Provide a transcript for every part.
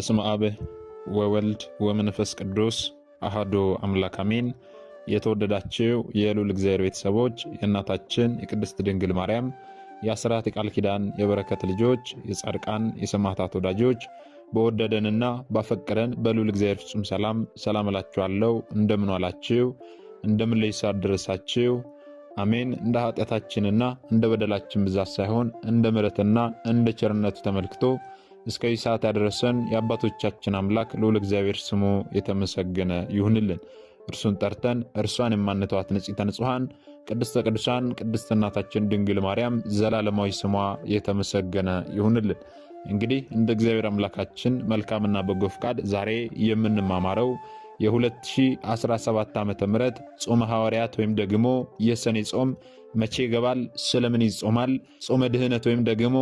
በስም አብ ወወልድ ወመንፈስ ቅዱስ አሃዶ አምላክ አሜን። የተወደዳችው የሉል እግዚአብሔር ቤተሰቦች የእናታችን የቅድስት ድንግል ማርያም የአስራት የቃል ኪዳን የበረከት ልጆች የጻድቃን የሰማዕታት ወዳጆች በወደደንና ባፈቀረን በሉል እግዚአብሔር ፍጹም ሰላም ሰላም እላችኋለሁ። እንደምን ዋላችሁ? እንደምን ለይሳ ደረሳችሁ? አሜን። እንደ ኃጢአታችንና እንደ በደላችን ብዛት ሳይሆን እንደ ምሕረትና እንደ ቸርነቱ ተመልክቶ እስከ ሰዓት ያደረሰን የአባቶቻችን አምላክ ልዑል እግዚአብሔር ስሙ የተመሰገነ ይሁንልን። እርሱን ጠርተን እርሷን የማንተዋት ንጽሕተ ንጹሐን ቅድስተ ቅዱሳን ቅድስት እናታችን ድንግል ማርያም ዘላለማዊ ስሟ የተመሰገነ ይሁንልን። እንግዲህ እንደ እግዚአብሔር አምላካችን መልካምና በጎ ፍቃድ ዛሬ የምንማማረው የ2017 ዓ ም ጾመ ሐዋርያት ወይም ደግሞ የሰኔ ጾም መቼ ይገባል? ስለምን ይጾማል? ጾመ ድህነት ወይም ደግሞ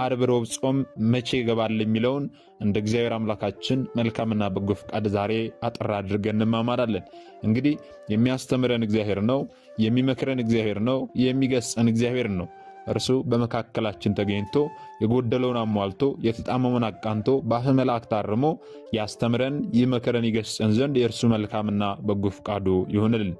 አርብ፣ ሮብ ጾም መቼ ይገባል የሚለውን እንደ እግዚአብሔር አምላካችን መልካምና በጎ ፈቃድ ዛሬ አጠር አድርገን እንማማራለን። እንግዲህ የሚያስተምረን እግዚአብሔር ነው፣ የሚመክረን እግዚአብሔር ነው፣ የሚገስጸን እግዚአብሔር ነው። እርሱ በመካከላችን ተገኝቶ የጎደለውን አሟልቶ የተጣመመን አቃንቶ በአፈ መላእክት አርሞ ያስተምረን፣ ይመክረን፣ ይገስጸን ዘንድ የእርሱ መልካምና በጎ ፈቃዱ ይሆንልን።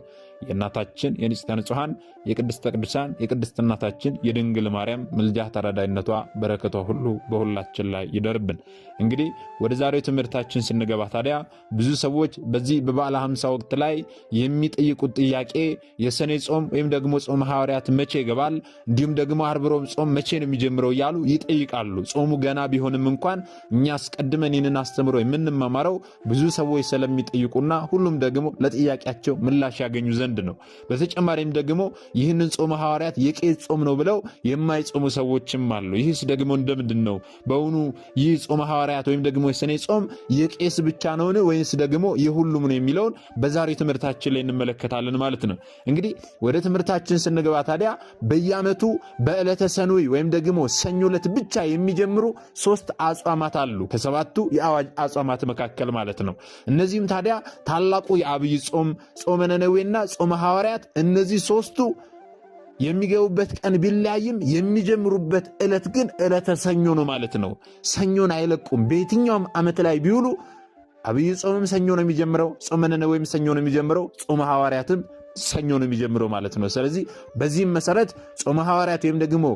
የእናታችን የንጽሕተ ንጹሐን የቅድስተ ቅዱሳን የቅድስት እናታችን የድንግል ማርያም ምልጃ ተረዳይነቷ በረከቷ ሁሉ በሁላችን ላይ ይደርብን። እንግዲህ ወደ ዛሬው ትምህርታችን ስንገባ ታዲያ ብዙ ሰዎች በዚህ በበዓለ ሃምሳ ወቅት ላይ የሚጠይቁት ጥያቄ የሰኔ ጾም ወይም ደግሞ ጾም ሐዋርያት መቼ ይገባል፣ እንዲሁም ደግሞ ዓርብ ሮም ጾም መቼ ነው የሚጀምረው እያሉ ይጠይቃሉ። ጾሙ ገና ቢሆንም እንኳን እኛ አስቀድመን ይህንን አስተምሮ የምንማማረው ብዙ ሰዎች ስለሚጠይቁና ሁሉም ደግሞ ለጥያቄያቸው ምላሽ ያገኙ ዘንድ ዘንድ ነው። በተጨማሪም ደግሞ ይህንን ጾመ ሐዋርያት የቄስ ጾም ነው ብለው የማይጾሙ ሰዎችም አሉ። ይህስ ደግሞ እንደምንድን ነው? በውኑ ይህ ጾመ ሐዋርያት ወይም ደግሞ የሰኔ ጾም የቄስ ብቻ ነውን? ወይንስ ደግሞ የሁሉም ነው የሚለውን በዛሬው ትምህርታችን ላይ እንመለከታለን ማለት ነው። እንግዲህ ወደ ትምህርታችን ስንገባ ታዲያ በየዓመቱ በዕለተ ሰኑይ ወይም ደግሞ ሰኞ ዕለት ብቻ የሚጀምሩ ሶስት አጽዋማት አሉ ከሰባቱ የአዋጅ አጽዋማት መካከል ማለት ነው። እነዚህም ታዲያ ታላቁ የአብይ ጾም፣ ጾመ ነነዌና ጾመ ሐዋርያት እነዚህ ሦስቱ የሚገቡበት ቀን ቢለያይም የሚጀምሩበት ዕለት ግን ዕለተ ሰኞ ነው ማለት ነው። ሰኞን አይለቁም። በየትኛውም ዓመት ላይ ቢውሉ አብይ ጾምም ሰኞ ነው የሚጀምረው፣ ጾመ ነነዌም ሰኞ ነው የሚጀምረው፣ ጾመ ሐዋርያትም ሰኞ ነው የሚጀምረው ማለት ነው። ስለዚህ በዚህም መሰረት ጾመ ሐዋርያት ወይም ደግሞ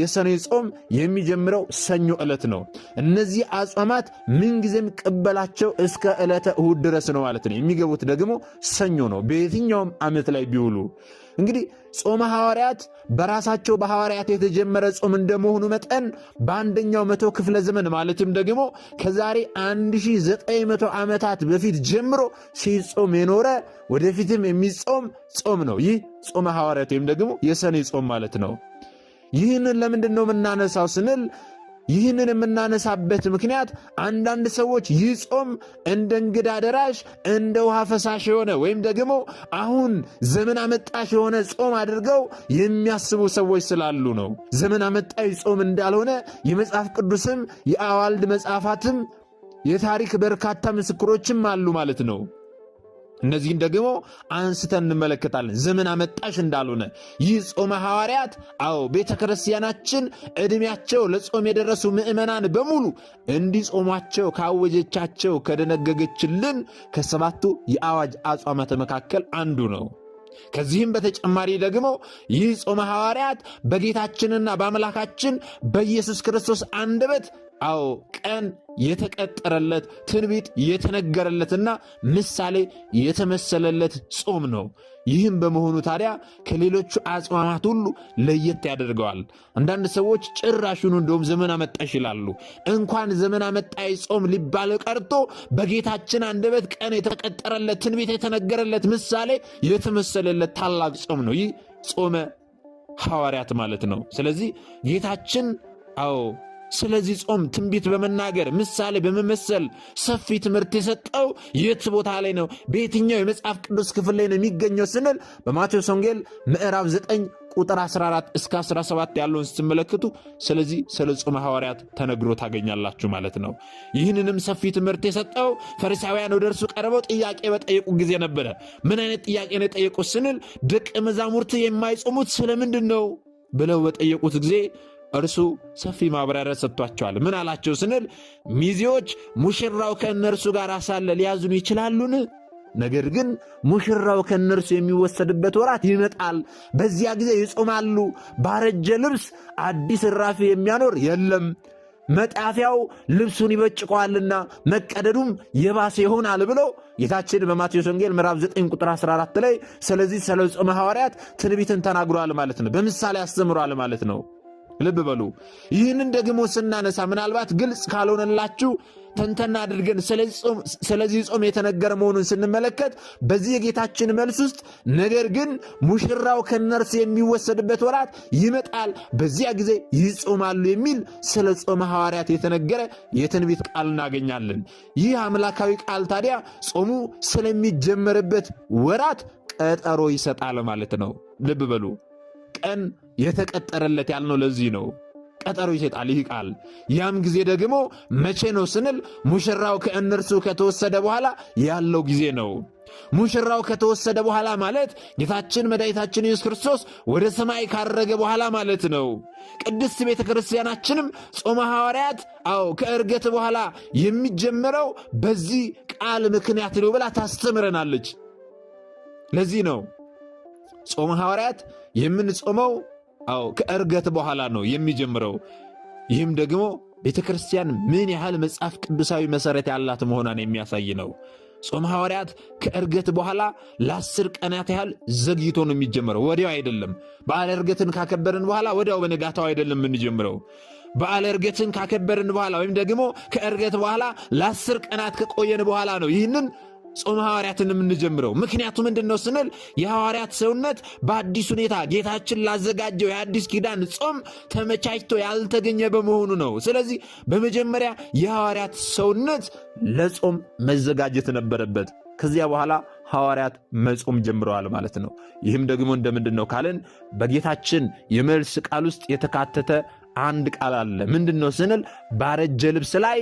የሰኔ ጾም የሚጀምረው ሰኞ ዕለት ነው። እነዚህ አጽዋማት ምንጊዜም ቅበላቸው እስከ ዕለተ እሁድ ድረስ ነው ማለት ነው። የሚገቡት ደግሞ ሰኞ ነው፣ በየትኛውም ዓመት ላይ ቢውሉ እንግዲህ ጾመ ሐዋርያት በራሳቸው በሐዋርያት የተጀመረ ጾም እንደመሆኑ መጠን በአንደኛው መቶ ክፍለ ዘመን ማለትም ደግሞ ከዛሬ 1900 ዓመታት በፊት ጀምሮ ሲጾም የኖረ ወደፊትም የሚጾም ጾም ነው። ይህ ጾመ ሐዋርያት ወይም ደግሞ የሰኔ ጾም ማለት ነው። ይህንን ለምንድን ነው የምናነሳው ስንል ይህንን የምናነሳበት ምክንያት አንዳንድ ሰዎች ይህ ጾም እንደ እንግዳ ደራሽ እንደ ውሃ ፈሳሽ የሆነ ወይም ደግሞ አሁን ዘመን አመጣሽ የሆነ ጾም አድርገው የሚያስቡ ሰዎች ስላሉ ነው። ዘመን አመጣዊ ጾም እንዳልሆነ የመጽሐፍ ቅዱስም የአዋልድ መጽሐፋትም የታሪክ በርካታ ምስክሮችም አሉ ማለት ነው። እነዚህን ደግሞ አንስተን እንመለከታለን። ዘመን አመጣሽ እንዳልሆነ ይህ ጾመ ሐዋርያት፣ አዎ ቤተ ክርስቲያናችን ዕድሜያቸው ለጾም የደረሱ ምዕመናን በሙሉ እንዲጾሟቸው ካወጀቻቸው ከደነገገችልን ከሰባቱ የአዋጅ አጽዋማት መካከል አንዱ ነው። ከዚህም በተጨማሪ ደግሞ ይህ ጾመ ሐዋርያት በጌታችንና በአምላካችን በኢየሱስ ክርስቶስ አንደበት አዎ ቀን የተቀጠረለት ትንቢት የተነገረለትና ምሳሌ የተመሰለለት ጾም ነው። ይህም በመሆኑ ታዲያ ከሌሎቹ አጽዋማት ሁሉ ለየት ያደርገዋል። አንዳንድ ሰዎች ጭራሹኑ እንደውም ዘመን አመጣሽ ይላሉ። እንኳን ዘመን አመጣሽ ጾም ሊባል ቀርቶ በጌታችን አንደበት ቀን የተቀጠረለት ትንቢት የተነገረለት ምሳሌ የተመሰለለት ታላቅ ጾም ነው። ይህ ጾመ ሐዋርያት ማለት ነው። ስለዚህ ጌታችን አዎ ስለዚህ ጾም ትንቢት በመናገር ምሳሌ በመመሰል ሰፊ ትምህርት የሰጠው የት ቦታ ላይ ነው? በየትኛው የመጽሐፍ ቅዱስ ክፍል ላይ ነው የሚገኘው ስንል በማቴዎስ ወንጌል ምዕራፍ 9 ቁጥር 14 እስከ 17 ያለውን ስትመለከቱ ስለዚህ ስለ ጾመ ሐዋርያት ተነግሮ ታገኛላችሁ ማለት ነው። ይህንንም ሰፊ ትምህርት የሰጠው ፈሪሳውያን ወደ እርሱ ቀርበው ጥያቄ በጠየቁ ጊዜ ነበረ። ምን አይነት ጥያቄ ነው የጠየቁት ስንል ደቀ መዛሙርት የማይጾሙት ስለምንድን ነው ብለው በጠየቁት ጊዜ እርሱ ሰፊ ማብራሪያ ሰጥቷቸዋል። ምን አላቸው ስንል ሚዜዎች ሙሽራው ከእነርሱ ጋር ሳለ ሊያዝኑ ይችላሉን? ነገር ግን ሙሽራው ከእነርሱ የሚወሰድበት ወራት ይመጣል። በዚያ ጊዜ ይጾማሉ። ባረጀ ልብስ አዲስ እራፊ የሚያኖር የለም መጣፊያው ልብሱን ይበጭቀዋልና መቀደዱም የባሰ ይሆናል ብሎ ጌታችን በማቴዎስ ወንጌል ምዕራፍ 9 ቁጥር 14 ላይ ስለዚህ ስለ ጾመ ሐዋርያት ትንቢትን ተናግሯል ማለት ነው። በምሳሌ አስተምሯል ማለት ነው። ልብ በሉ። ይህንን ደግሞ ስናነሳ ምናልባት ግልጽ ካልሆነላችሁ ተንተና አድርገን ስለዚህ ጾም የተነገረ መሆኑን ስንመለከት በዚህ የጌታችን መልስ ውስጥ ነገር ግን ሙሽራው ከነርስ የሚወሰድበት ወራት ይመጣል፣ በዚያ ጊዜ ይጾማሉ የሚል ስለ ጾመ ሐዋርያት የተነገረ የትንቢት ቃል እናገኛለን። ይህ አምላካዊ ቃል ታዲያ ጾሙ ስለሚጀመርበት ወራት ቀጠሮ ይሰጣል ማለት ነው። ልብ በሉ ቀን የተቀጠረለት ያልነው ለዚህ ነው። ቀጠሮ ይሰጣል፣ ቃል ያም ጊዜ ደግሞ መቼ ነው ስንል ሙሽራው ከእነርሱ ከተወሰደ በኋላ ያለው ጊዜ ነው። ሙሽራው ከተወሰደ በኋላ ማለት ጌታችን መድኃኒታችን ኢየሱስ ክርስቶስ ወደ ሰማይ ካረገ በኋላ ማለት ነው። ቅድስት ቤተ ክርስቲያናችንም ጾመ ሐዋርያት፣ አዎ ከእርገት በኋላ የሚጀምረው በዚህ ቃል ምክንያት ነው ብላ ታስተምረናለች። ለዚህ ነው ጾመ ሐዋርያት የምንጾመው አዎ ከእርገት በኋላ ነው የሚጀምረው። ይህም ደግሞ ቤተ ክርስቲያን ምን ያህል መጽሐፍ ቅዱሳዊ መሠረት ያላት መሆኗን የሚያሳይ ነው። ጾም ሐዋርያት ከእርገት በኋላ ለአስር ቀናት ያህል ዘግይቶ ነው የሚጀምረው። ወዲያው አይደለም። በዓለ እርገትን ካከበርን በኋላ ወዲያው በነጋታው አይደለም የምንጀምረው። በዓለ እርገትን ካከበርን በኋላ ወይም ደግሞ ከእርገት በኋላ ለአስር ቀናት ከቆየን በኋላ ነው ይህንን ጾም ሐዋርያትን የምንጀምረው ምክንያቱ ምንድን ነው ስንል የሐዋርያት ሰውነት በአዲስ ሁኔታ ጌታችን ላዘጋጀው የአዲስ ኪዳን ጾም ተመቻችቶ ያልተገኘ በመሆኑ ነው። ስለዚህ በመጀመሪያ የሐዋርያት ሰውነት ለጾም መዘጋጀት ነበረበት። ከዚያ በኋላ ሐዋርያት መጾም ጀምረዋል ማለት ነው። ይህም ደግሞ እንደምንድን ነው ካልን በጌታችን የመልስ ቃል ውስጥ የተካተተ አንድ ቃል አለ። ምንድን ነው ስንል ባረጀ ልብስ ላይ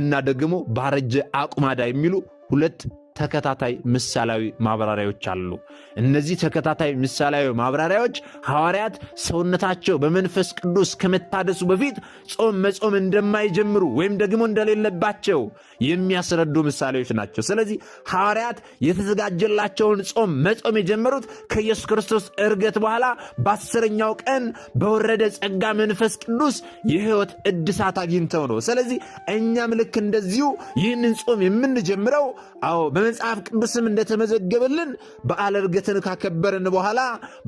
እና ደግሞ ባረጀ አቁማዳ የሚሉ ሁለት ተከታታይ ምሳሌያዊ ማብራሪያዎች አሉ። እነዚህ ተከታታይ ምሳሌያዊ ማብራሪያዎች ሐዋርያት ሰውነታቸው በመንፈስ ቅዱስ ከመታደሱ በፊት ጾም መጾም እንደማይጀምሩ ወይም ደግሞ እንደሌለባቸው የሚያስረዱ ምሳሌዎች ናቸው። ስለዚህ ሐዋርያት የተዘጋጀላቸውን ጾም መጾም የጀመሩት ከኢየሱስ ክርስቶስ እርገት በኋላ በአስረኛው ቀን በወረደ ጸጋ መንፈስ ቅዱስ የሕይወት እድሳት አግኝተው ነው። ስለዚህ እኛም ልክ እንደዚሁ ይህንን ጾም የምንጀምረው አዎ በመጽሐፍ ቅዱስም እንደተመዘገበልን በዓለ ዕርገትን ካከበርን በኋላ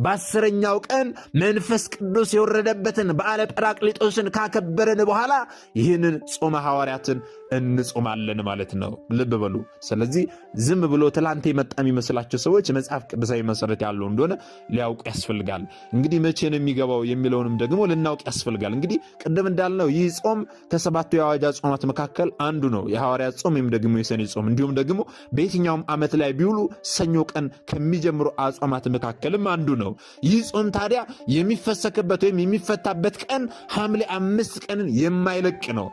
በአስረኛው ቀን መንፈስ ቅዱስ የወረደበትን በዓለ ጰራቅሊጦስን ካከበርን በኋላ ይህንን ጾመ ሐዋርያትን እንጾማለን ማለት ነው። ልብ በሉ። ስለዚህ ዝም ብሎ ትላንት የመጣ የሚመስላቸው ሰዎች መጽሐፍ ቅዱሳዊ መሰረት ያለው እንደሆነ ሊያውቁ ያስፈልጋል። እንግዲህ መቼ ነው የሚገባው የሚለውንም ደግሞ ልናውቅ ያስፈልጋል። እንግዲህ ቅድም እንዳልነው ይህ ጾም ከሰባቱ የአዋጃ ጾማት መካከል አንዱ ነው። የሐዋርያት ጾም ወይም ደግሞ የሰኔ ጾም እንዲሁም ደግሞ በየትኛውም ዓመት ላይ ቢውሉ ሰኞ ቀን ከሚጀምሩ አጽዋማት መካከልም አንዱ ነው። ይህ ጾም ታዲያ የሚፈሰክበት ወይም የሚፈታበት ቀን ሐምሌ አምስት ቀንን የማይለቅ ነው።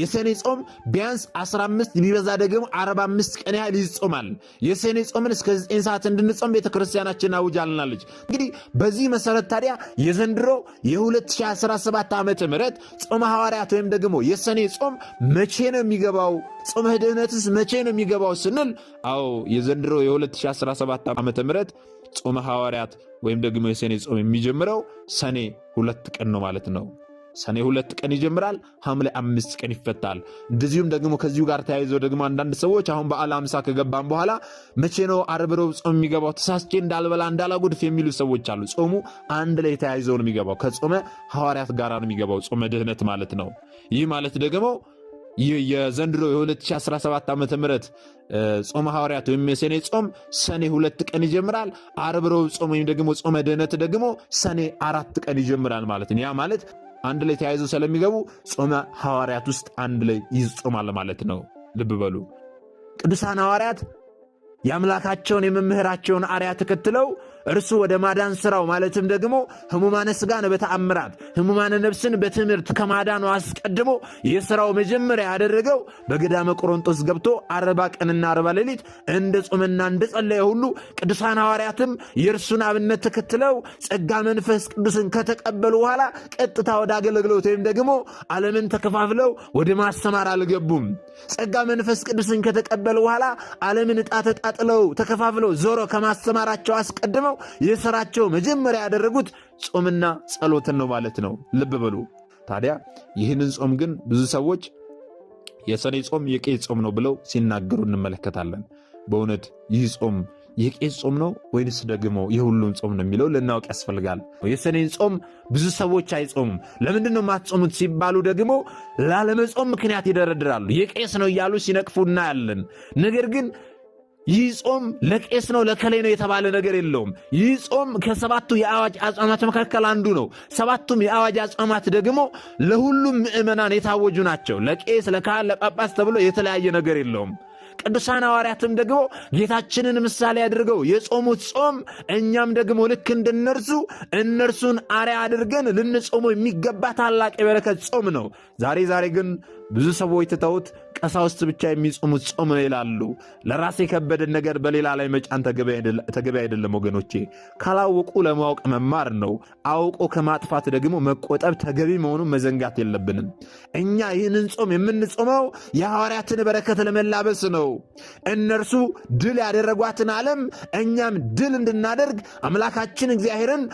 የሰኔ ጾም ቢያንስ 15 የሚበዛ ደግሞ 45 ቀን ያህል ይጾማል። የሰኔ ጾምን እስከ 9 ሰዓት እንድንጾም ቤተክርስቲያናችን አውጃልናለች። እንግዲህ በዚህ መሰረት ታዲያ የዘንድሮ የ2017 ዓመተ ምህረት ጾመ ሐዋርያት ወይም ደግሞ የሰኔ ጾም መቼ ነው የሚገባው? ጾመ ድህነትስ መቼ ነው የሚገባው ስንል፣ አዎ የዘንድሮ የ2017 ዓመተ ምህረት ጾመ ሐዋርያት ወይም ደግሞ የሰኔ ጾም የሚጀምረው ሰኔ ሁለት ቀን ነው ማለት ነው። ሰኔ ሁለት ቀን ይጀምራል፣ ሐምሌ አምስት ቀን ይፈታል። እንደዚሁም ደግሞ ከዚሁ ጋር ተያይዘው ደግሞ አንዳንድ ሰዎች አሁን በዓለ ሃምሳ ከገባን በኋላ መቼ ነው ዓርብ፣ ጾም የሚገባው ተሳስቼ እንዳልበላ እንዳላጎድፍ የሚሉ ሰዎች አሉ። ጾሙ አንድ ላይ ተያይዘው ነው የሚገባው። ከጾመ ሐዋርያት ጋር ነው የሚገባው፣ ጾመ ድህነት ማለት ነው። ይህ ማለት ደግሞ የዘንድሮ የ2017 ዓ ም ጾመ ሐዋርያት ወይም የሰኔ ጾም ሰኔ ሁለት ቀን ይጀምራል። ዓርብ፣ ረቡዕ ጾም ወይም ደግሞ ጾመ ድህነት ደግሞ ሰኔ አራት ቀን ይጀምራል ማለት ነው። ያ ማለት አንድ ላይ ተያይዘው ስለሚገቡ ጾመ ሐዋርያት ውስጥ አንድ ላይ ይጾማል ማለት ነው። ልብ በሉ ቅዱሳን ሐዋርያት የአምላካቸውን የመምህራቸውን አርያ ተከትለው እርሱ ወደ ማዳን ስራው ማለትም ደግሞ ህሙማነ ስጋን በተአምራት ህሙማነ ነፍስን በትምህርት ከማዳኑ አስቀድሞ የስራው መጀመሪያ ያደረገው በገዳመ ቆሮንጦስ ገብቶ አርባ ቀንና አርባ ሌሊት እንደ ጾመና እንደ ጸለየ ሁሉ ቅዱሳን ሐዋርያትም የእርሱን አብነት ተከትለው ጸጋ መንፈስ ቅዱስን ከተቀበሉ በኋላ ቀጥታ ወደ አገልግሎት ወይም ደግሞ ዓለምን ተከፋፍለው ወደ ማሰማር አልገቡም። ጸጋ መንፈስ ቅዱስን ከተቀበሉ በኋላ ዓለምን ዕጣ ተጣጥለው ተከፋፍለው ዞሮ ከማሰማራቸው አስቀድመው የሥራቸው መጀመሪያ ያደረጉት ጾምና ጸሎትን ነው ማለት ነው። ልብ በሉ ታዲያ ይህንን ጾም ግን ብዙ ሰዎች የሰኔ ጾም የቄስ ጾም ነው ብለው ሲናገሩ እንመለከታለን። በእውነት ይህ ጾም የቄስ ጾም ነው ወይንስ ደግሞ የሁሉም ጾም ነው የሚለው ልናውቅ ያስፈልጋል። የሰኔን ጾም ብዙ ሰዎች አይጾሙም። ለምንድን ነው የማትጾሙት ሲባሉ ደግሞ ላለመጾም ምክንያት ይደረድራሉ። የቄስ ነው እያሉ ሲነቅፉ እናያለን። ነገር ግን ይህ ጾም ለቄስ ነው ለከሌ ነው የተባለ ነገር የለውም። ይህ ጾም ከሰባቱ የአዋጅ አጽዋማት መካከል አንዱ ነው። ሰባቱም የአዋጅ አጽዋማት ደግሞ ለሁሉም ምዕመናን የታወጁ ናቸው። ለቄስ፣ ለካህን፣ ለጳጳስ ተብሎ የተለያየ ነገር የለውም። ቅዱሳን ሐዋርያትም ደግሞ ጌታችንን ምሳሌ አድርገው የጾሙት ጾም እኛም ደግሞ ልክ እንደነርሱ እነርሱን አርያ አድርገን ልንጾሙ የሚገባ ታላቅ የበረከት ጾም ነው። ዛሬ ዛሬ ግን ብዙ ሰዎች ትተውት ቀሳውስት ብቻ የሚጾሙት ጾም ይላሉ። ለራስ የከበደን ነገር በሌላ ላይ መጫን ተገቢ አይደለም ወገኖቼ። ካላወቁ ለማወቅ መማር ነው። አውቆ ከማጥፋት ደግሞ መቆጠብ ተገቢ መሆኑን መዘንጋት የለብንም። እኛ ይህንን ጾም የምንጾመው የሐዋርያትን በረከት ለመላበስ ነው። እነርሱ ድል ያደረጓትን ዓለም እኛም ድል እንድናደርግ አምላካችን እግዚአብሔርን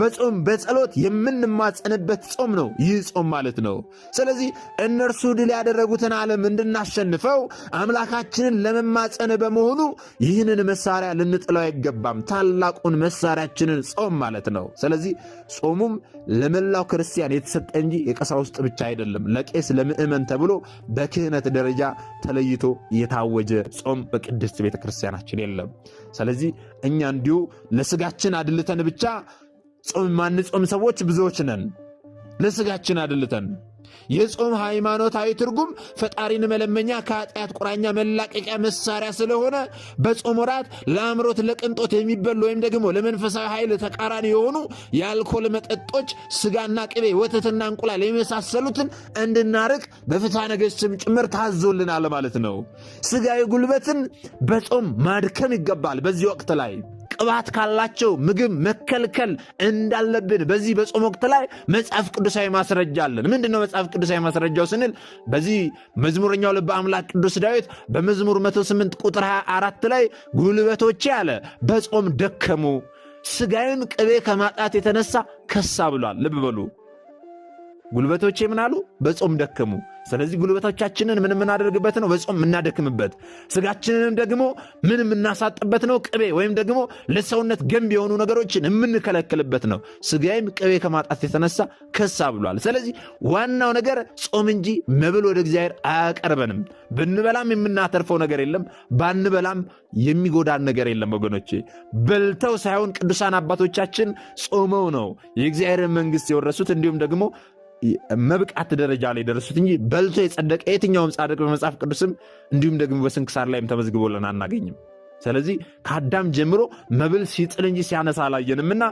በጾም በጸሎት የምንማጸንበት ጾም ነው ይህ ጾም ማለት ነው። ስለዚህ እነርሱ ድል ያደረጉትን ዓለም እንድናሸንፈው አምላካችንን ለመማፀን በመሆኑ ይህንን መሳሪያ ልንጥለው አይገባም። ታላቁን መሳሪያችንን ጾም ማለት ነው። ስለዚህ ጾሙም ለመላው ክርስቲያን የተሰጠ እንጂ የቀሳውስት ብቻ አይደለም። ለቄስ ለምእመን ተብሎ በክህነት ደረጃ ተለይቶ የታወጀ ጾም በቅድስት ቤተ ክርስቲያናችን የለም። ስለዚህ እኛ እንዲሁ ለስጋችን አድልተን ብቻ ጾም ማንጾም ሰዎች ብዙዎች ነን። ለስጋችን አድልተን የጾም ሃይማኖታዊ ትርጉም ፈጣሪን መለመኛ ከኃጢአት ቁራኛ መላቀቂያ መሳሪያ ስለሆነ በጾም ወራት ለአምሮት ለቅንጦት የሚበሉ ወይም ደግሞ ለመንፈሳዊ ኃይል ተቃራኒ የሆኑ የአልኮል መጠጦች ስጋና ቅቤ፣ ወተትና እንቁላል የመሳሰሉትን እንድናርቅ በፍትሐ ነገሥትም ጭምር ታዞልናል ማለት ነው። ስጋዊ ጉልበትን በጾም ማድከም ይገባል በዚህ ወቅት ላይ ቅባት ካላቸው ምግብ መከልከል እንዳለብን በዚህ በጾም ወቅት ላይ መጽሐፍ ቅዱሳዊ ማስረጃ አለን። ምንድነው መጽሐፍ ቅዱሳዊ ማስረጃው ስንል በዚህ መዝሙረኛው ልበ አምላክ ቅዱስ ዳዊት በመዝሙር 108 ቁጥር 24 ላይ ጉልበቶቼ አለ በጾም ደከሙ፣ ስጋዬም ቅቤ ከማጣት የተነሳ ከሳ ብሏል። ልብ በሉ ጉልበቶቼ ምን አሉ? በጾም ደከሙ። ስለዚህ ጉልበቶቻችንን ምን የምናደርግበት ነው? በጾም የምናደክምበት። ስጋችንንም ደግሞ ምን የምናሳጥበት ነው? ቅቤ ወይም ደግሞ ለሰውነት ገንቢ የሆኑ ነገሮችን የምንከለክልበት ነው። ስጋይም ቅቤ ከማጣት የተነሳ ከሳ ብሏል። ስለዚህ ዋናው ነገር ጾም እንጂ መብል ወደ እግዚአብሔር አያቀርበንም። ብንበላም የምናተርፈው ነገር የለም፣ ባንበላም የሚጎዳን ነገር የለም። ወገኖቼ በልተው ሳይሆን ቅዱሳን አባቶቻችን ጾመው ነው የእግዚአብሔርን መንግስት የወረሱት እንዲሁም ደግሞ መብቃት ደረጃ ላይ ደረሱት እንጂ በልቶ የጸደቀ የትኛውም ጻድቅ በመጽሐፍ ቅዱስም እንዲሁም ደግሞ በስንክሳር ላይም ተመዝግቦልን አናገኝም። ስለዚህ ከአዳም ጀምሮ መብል ሲጥል እንጂ ሲያነሳ አላየንምና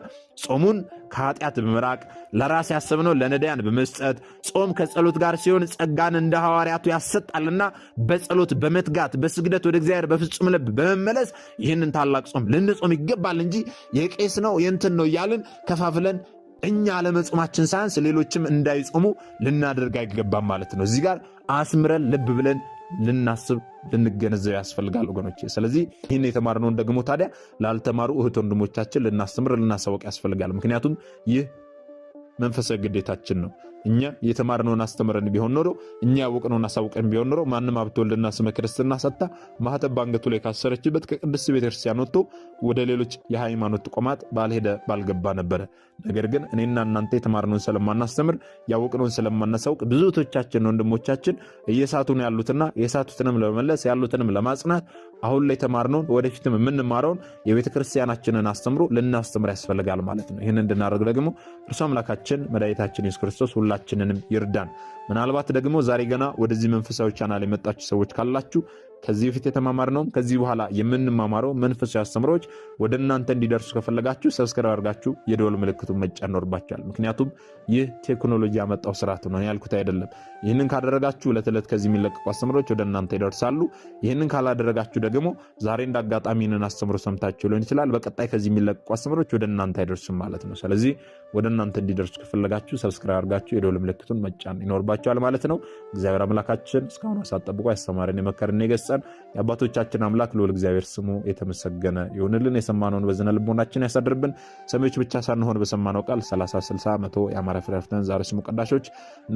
ጾሙን ከኃጢአት በመራቅ ለራስ ያሰብነው ለነዳያን በመስጠት ጾም ከጸሎት ጋር ሲሆን ጸጋን እንደ ሐዋርያቱ ያሰጣልና በጸሎት በመትጋት በስግደት ወደ እግዚአብሔር በፍጹም ልብ በመመለስ ይህንን ታላቅ ጾም ልንጾም ይገባል እንጂ የቄስ ነው የእንትን ነው እያልን ከፋፍለን እኛ አለመጾማችን ሳያንስ ሌሎችም እንዳይጾሙ ልናደርግ አይገባም ማለት ነው። እዚህ ጋር አስምረን ልብ ብለን ልናስብ ልንገነዘብ ያስፈልጋል ወገኖች ስለዚህ ይህን የተማርነውን ደግሞ ታዲያ ላልተማሩ እህት ወንድሞቻችን ልናስተምር ልናሳወቅ ያስፈልጋል። ምክንያቱም ይህ መንፈሳዊ ግዴታችን ነው። እኛ የተማርነውን አስተምረን ቢሆን ኖሮ እኛ ያወቅነውን አሳውቀን ቢሆን ኖሮ ማንም ሀብተ ወልድና ስመ ክርስትና ሰጥታ ማህተብ ባንገቱ ላይ ካሰረችበት ከቅድስት ቤተክርስቲያን ወጥቶ ወደ ሌሎች የሃይማኖት ተቋማት ባልሄደ ባልገባ ነበረ። ነገር ግን እኔና እናንተ የተማርነውን ስለማናስተምር ያወቅነውን ስለማናሳውቅ ብዙቶቻችን ወንድሞቻችን እየሳቱን ያሉትና የሳቱትንም ለመመለስ ያሉትንም ለማጽናት አሁን ላይ የተማርነውን ወደፊትም የምንማረውን የቤተ ክርስቲያናችንን አስተምሮ ልናስተምር ያስፈልጋል ማለት ነው። ይህን እንድናደርግ ደግሞ እርሱ አምላካችን መድኃኒታችን ኢየሱስ ክርስቶስ ሁላችንንም ይርዳን። ምናልባት ደግሞ ዛሬ ገና ወደዚህ መንፈሳዊ ቻናል የመጣችሁ ሰዎች ካላችሁ ከዚህ በፊት የተማማርነውም ከዚህ በኋላ የምንማማረው መንፈሳዊ አስተምሮች ወደ እናንተ እንዲደርሱ ከፈለጋችሁ ሰብስክራይብ አድርጋችሁ የደወል ምልክቱን መጫን ይኖርባችኋል። ምክንያቱም ይህ ቴክኖሎጂ ያመጣው ስርዓት ነው ያልኩት አይደለም። ይህንን ካደረጋችሁ ዕለት ዕለት ከዚህ የሚለቀቁ አስተምሮች ወደ እናንተ ይደርሳሉ። ይህንን ካላደረጋችሁ ደግሞ ዛሬ እንደ አጋጣሚ አጋጣሚንን አስተምሮ ሰምታችሁ ሊሆን ይችላል። በቀጣይ ከዚህ የሚለቀቁ አስተምሮች ወደ እናንተ አይደርሱም ማለት ነው። ስለዚህ ወደ እናንተ እንዲደርሱ ከፈለጋችሁ ሰብስክራይብ አድርጋችሁ የደወል ምልክቱን መጫን ይኖርባችኋል ማለት ነው። እግዚአብሔር አምላካችን እስካሁን አሳጠብቆ ጠብቆ ያስተማረን የመከረን የገሰ እንዲፈጸም የአባቶቻችን አምላክ ልዑል እግዚአብሔር ስሙ የተመሰገነ ይሁንልን። የሰማነውን በዝነ ልቦናችን ያሳድርብን። ሰሚዎች ብቻ ሳንሆን በሰማነው ቃል 30 60 መቶ የአማራ ፍራፍተን ዛሬ ስሙ ቀዳሾች፣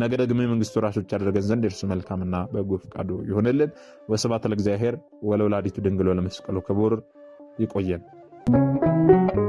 ነገ ደግሞ የመንግስቱ ወራሾች ያደረገን ዘንድ የእርሱ መልካምና በጎ ፈቃዱ ይሁንልን። ወስብሐት ለእግዚአብሔር ወለወላዲቱ ድንግል ወለመስቀሉ ክቡር። ይቆየን።